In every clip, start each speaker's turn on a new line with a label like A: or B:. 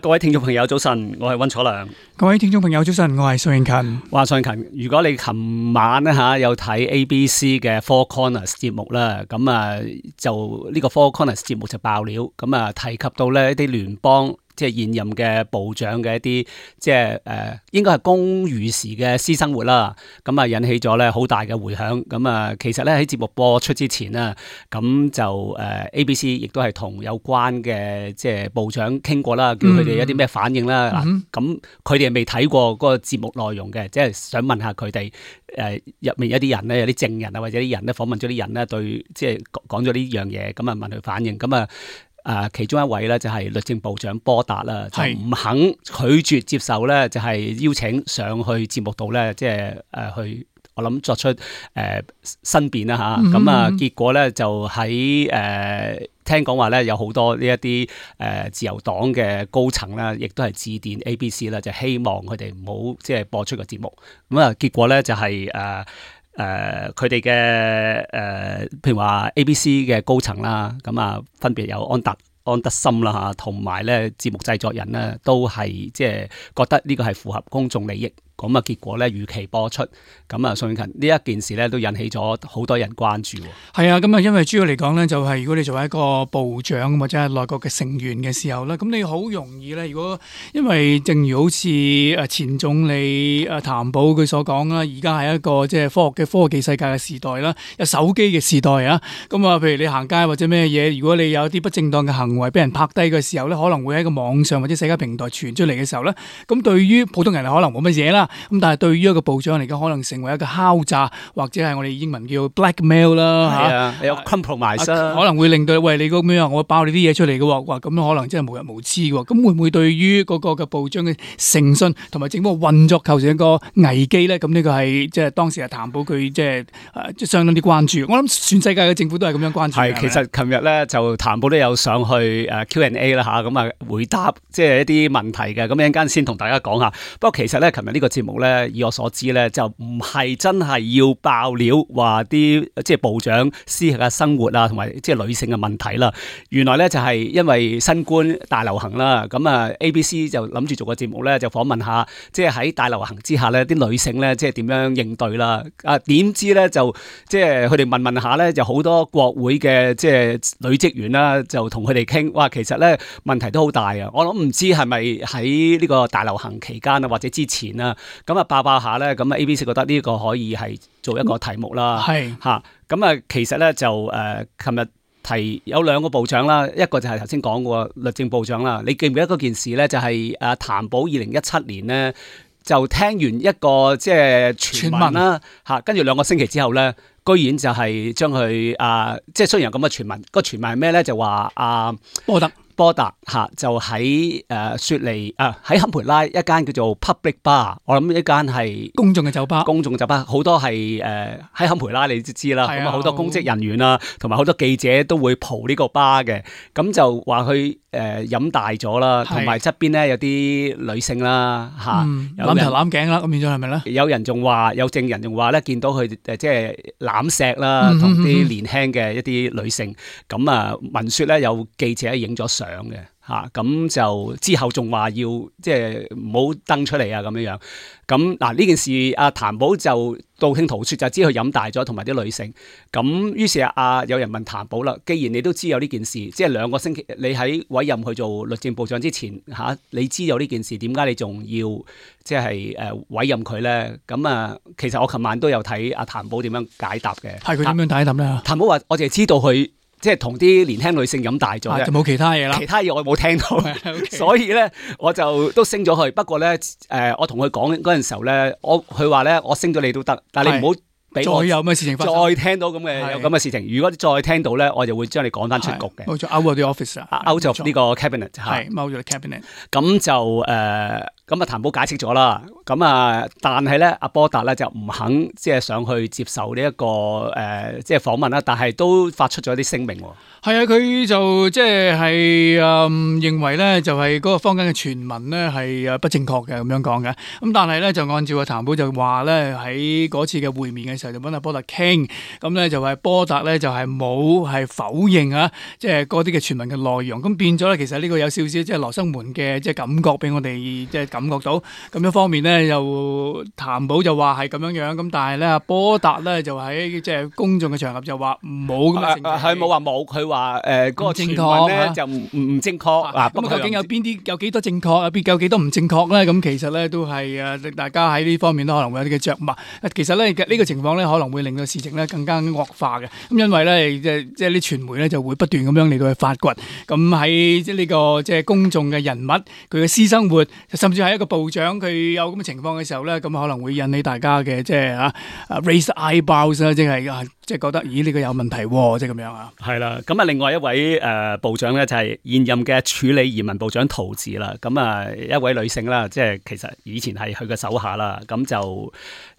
A: 各位聽眾朋友早晨，我係溫楚良。
B: 各位聽眾朋友早晨，我係蘇永勤。
A: 哇， 蘇永勤，如果你琴晚咧吓有睇 ABC 嘅 Four Corners 節目啦，咁啊就呢個 Four Corners 節目就爆料，咁啊提及到咧一啲聯邦。即係現任嘅部長嘅一啲，即係誒、呃、應該係公與私嘅私生活啦。咁啊，引起咗咧好大嘅迴響。咁啊，其實咧喺節目播出之前啊，咁就誒、呃、ABC 亦都係同有關嘅即係部長傾過、嗯嗯、啦，叫佢哋有啲咩反應啦。嗱，咁佢哋未睇過嗰個節目內容嘅，即係想問下佢哋誒入面一啲人咧，有啲證人啊，或者啲人咧訪問咗啲人咧，對即係講咗呢樣嘢，咁啊問佢反應，咁啊。誒其中一位咧就係律政部長波達啦，是就唔肯拒絕接受咧，就係邀請上去節目度咧，即係誒去我諗作出誒申辯啦吓，咁、呃、啊，嗯嗯嗯嗯、結果咧就喺誒、呃、聽講話咧有好多呢一啲誒自由黨嘅高層啦，亦都係致電 ABC 啦，就希望佢哋唔好即係播出個節目。咁、嗯、啊，結果咧就係、是、誒。呃誒佢哋嘅誒，譬如話 ABC 嘅高層啦，咁啊，分別有安達、安德森啦吓，同埋咧節目製作人咧，都係即係覺得呢個係符合公眾利益。咁啊，結果咧如期播出，咁啊，最近呢一件事咧都引起咗好多人關
B: 注。係啊，咁啊，因為主要嚟講咧，就係、是、如果你作為一個部長或者係內閣嘅成員嘅時候咧，咁你好容易咧，如果因為正如好似啊前總理啊譚保佢所講啦，而家係一個即係科學嘅科技世界嘅時代啦，有手機嘅時代啊，咁啊，譬如你行街或者咩嘢，如果你有啲不正當嘅行為俾人拍低嘅時候咧，可能會喺個網上或者社交平台傳出嚟嘅時候咧，咁對於普通人嚟可能冇乜嘢啦。咁但係對於一個部長嚟講，可能成為一個敲詐，或者係我哋英文叫 blackmail 啦，係啊，啊有 compromise、啊啊、可能會令到喂你咁樣，我爆你啲嘢出嚟嘅喎，咁可能真係無人無知喎、啊，咁會唔會對於嗰個嘅部長嘅誠信同埋政府嘅運作構成一個危機咧？咁呢個係即係當時啊，譚保佢即係相當啲關注。我諗全世界嘅政府都係咁樣關注。係，其實琴日咧
A: 就譚保都有
B: 上去誒 Q and A
A: 啦嚇，咁啊回答即係一啲問題嘅。咁一陣間先同大家講下。不過其實咧，琴日呢個，節目咧，以我所知咧，就唔係真係要爆料話啲即係部長私下嘅生活啊，同埋即係女性嘅問題啦。原來咧就係因為新冠大流行啦，咁啊 A B C 就諗住做個節目咧，就訪問下即係喺大流行之下咧，啲女性咧即係點樣應對啦。啊，點知咧就即係佢哋問問下咧，就好多國會嘅即係女職員啦，就同佢哋傾，哇，其實咧問題都好大啊！我諗唔知係咪喺呢個大流行期間啊，或者之前啊？咁啊，爆爆下咧，咁啊 ABC 覺得呢個可以係做一個題目啦。係嚇是，咁啊，其實咧就誒，琴、呃、日提有兩個部長啦，一個就係頭先講嘅律政部長啦。你記唔記得嗰件事咧？就係、是、啊，譚保二零一七年咧，就聽完一個即係、就是、傳聞啦嚇，跟住聞、啊、兩個星期之後咧，居然就係將佢啊，即係雖然有咁嘅傳聞，個傳聞係咩咧？就話啊，我得。波特吓就喺、是、誒雪梨啊，喺堪培拉一間叫做 Public Bar，我諗一間係公眾嘅酒吧，公眾酒吧好多係誒喺堪培拉你就，你都知啦。咁啊好多公職人員啦，同埋好多記者都會蒲呢個 bar 嘅。咁就話佢誒飲大咗啦，同埋側邊咧有啲女性啦吓，嗯，攬頭攬頸啦，咁變咗係咪咧？有人仲話有證人仲話咧，見到佢誒即係攬錫啦，同啲年輕嘅一啲女性。咁啊聞説咧有記者影咗相。樣嘅吓，咁就、啊、之後仲話要即係唔好登出嚟啊，咁樣樣。咁嗱呢件事，阿譚寶就道聽途說，就知佢飲大咗，同埋啲女性。咁、啊、於是啊，有人問譚寶啦，既然你都知有呢件事，即係兩個星期，你喺委任佢做律政部長之前吓、啊，你知有呢件事，點解你仲要即係誒、呃、委任佢咧？咁啊，其實我琴晚都有睇阿譚寶點樣解答嘅，係佢點
B: 樣解答咧？
A: 譚寶話：我淨係知道佢。即係同啲年輕女性飲大咗就冇其他嘢啦。其他嘢我冇聽到， Okay. 所以咧我就都升咗佢。不過咧，誒、呃、我同佢講嗰陣時候咧，我佢話咧，我升咗你都得，但係你唔好俾再有咩事情再聽到咁嘅有咁嘅事情。是如果再聽到咧，我就會將你趕翻出局
B: 嘅。out of the office 啊 Out of 錯，踎咗
A: 呢個 cabinet o 嚇，踎咗 cabinet。咁就誒。咁啊，譚寶解釋咗啦。咁啊，但係咧，阿波特咧就唔肯即係上去接受呢一個誒，即係訪問啦。但係都發出咗啲聲明喎。
B: 係啊，佢就即係係嗯認為咧，就係嗰個坊間嘅傳聞咧係啊不正確嘅咁樣講嘅。咁但係咧，就按照阿譚寶就話咧，喺嗰次嘅會面嘅時候就揾阿波特傾。咁咧就係波特咧就係冇係否認啊，即係嗰啲嘅傳聞嘅內容。咁變咗咧，其實呢個有少少即係羅生門嘅即係感覺俾我哋即係。感覺到咁一方面咧，又譚寶就話係咁樣樣，咁但係咧，波達咧就喺即係公眾嘅場合就話冇咁啊，
A: 佢冇話冇，佢話誒個傳聞咧
B: 就唔唔唔正確。嗱，咁究竟有邊啲有幾多正確，有邊有幾多唔正確咧？咁其實咧都係啊，大家喺呢方面都可能會有啲嘅著墨。其實咧呢個情況咧可能會令到事情咧更加惡化嘅。咁因為咧即即係啲傳媒咧就會不斷咁樣嚟到去發掘。咁喺即呢個即係公眾嘅人物佢嘅私生活，甚至係。一個部長佢有咁嘅情況嘅時候咧，咁可能會引起大家嘅即係吓，raise eyebrows 啦，即係啊，即係覺得，咦，呢個有問題喎，即係咁樣啊。
A: 係啦，咁啊，另外一位呃部長咧就係現任嘅處理移民部長陶治啦。咁啊，一位女性啦，即係其實以前係佢嘅手下啦。咁就。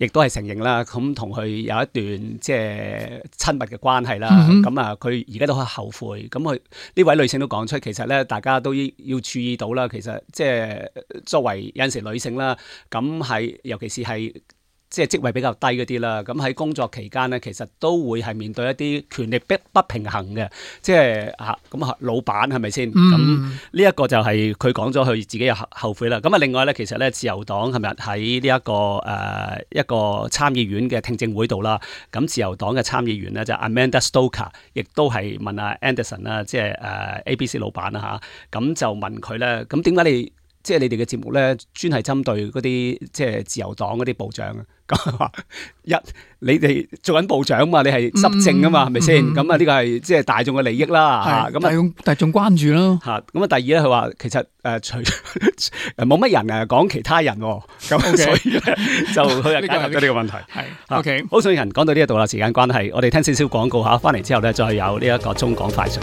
A: 亦都係承認啦，咁同佢有一段即係親密嘅關係啦。咁啊、嗯，佢而家都係後悔。咁佢呢位女性都講出，其實咧大家都要注意到啦。其實即係作為有時女性啦，咁係尤其是係。即係職位比較低嗰啲啦，咁喺工作期間咧，其實都會係面對一啲權力不不平衡嘅，即係嚇咁嚇老闆係咪先？咁呢一、mm hmm. 個就係佢講咗佢自己又後悔啦。咁啊，另外咧，其實咧，自由黨係咪喺呢一個誒一個參議院嘅聽證會度啦？咁自由黨嘅參議員咧就係、Amanda Stoker，亦都係問阿 Anderson 啦，即係誒 ABC 老闆啊嚇，咁就問佢咧，咁點解你？即係你哋嘅節目咧，專係針對嗰啲即係自由黨嗰啲部長啊，咁佢話一你哋做緊部長嘛，你係執政噶嘛，係咪先？咁啊呢個係即係大眾嘅利益啦，吓咁是、嗯、大眾
B: 大眾關注咯，
A: 吓咁啊第二咧佢話其實誒、呃、除咗冇乜人啊講其他人、啊，咁 Okay. 所以咧 就佢又解答咗呢個問題，係 OK 好，主持人講到呢一度啦，時間關係，我哋聽少少廣告吓，翻嚟之後咧再有呢一個中港快訊。